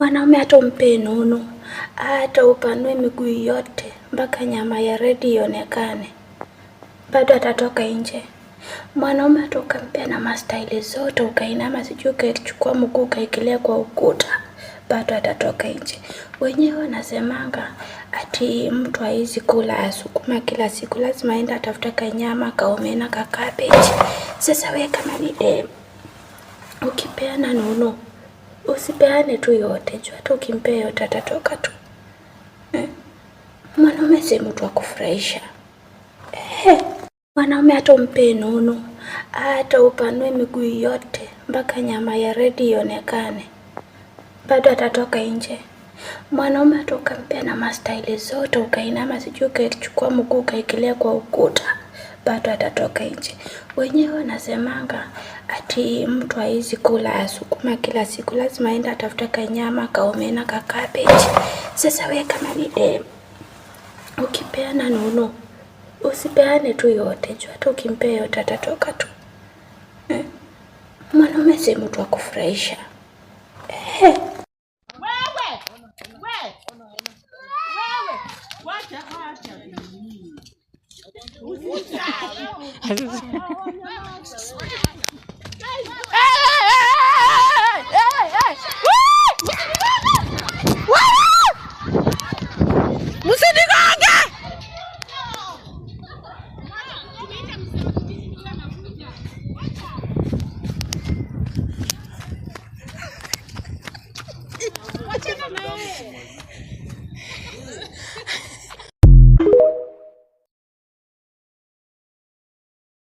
Mwanaume hata umpe nono, hata upanue miguu yote mpaka nyama ya redi ionekane, bado atatoka nje. Mwanaume hata ukampea na mastaili zote, ukainama sijui ukachukua mguu ukaikilia kwa ukuta, bado atatoka nje. Wenyewe wanasemanga ati mtu hawezi kula asukuma kila siku, lazima aende atafuta kanyama, kaomena, kakabeji. Sasa we kama ni dem, ukipeana nono Usipeane tu yote, jua tu ukimpea yote atatoka tu eh. Mwanaume si mtu wa kufurahisha eh. Mwanaume hata umpee nunu, hata upanue miguu yote mpaka nyama ya redi ionekane, bado atatoka nje. Mwanaume hata ukampea na mastaili zote, ukainama sijui ukachukua mguu ukaekelea kwa ukuta bado atatoka nje. Wenyewe wanasemanga ati mtu hawezi kula asukuma kila siku, lazima aende atafuta kanyama kaomena ka cabbage. Sasa wewe kama ni dem eh, ukipeana nono, usipeane tu yote juu, hata ukimpea yote atatoka tu eh. Mwanaume si mtu wa kufurahisha eh. What's oh, that?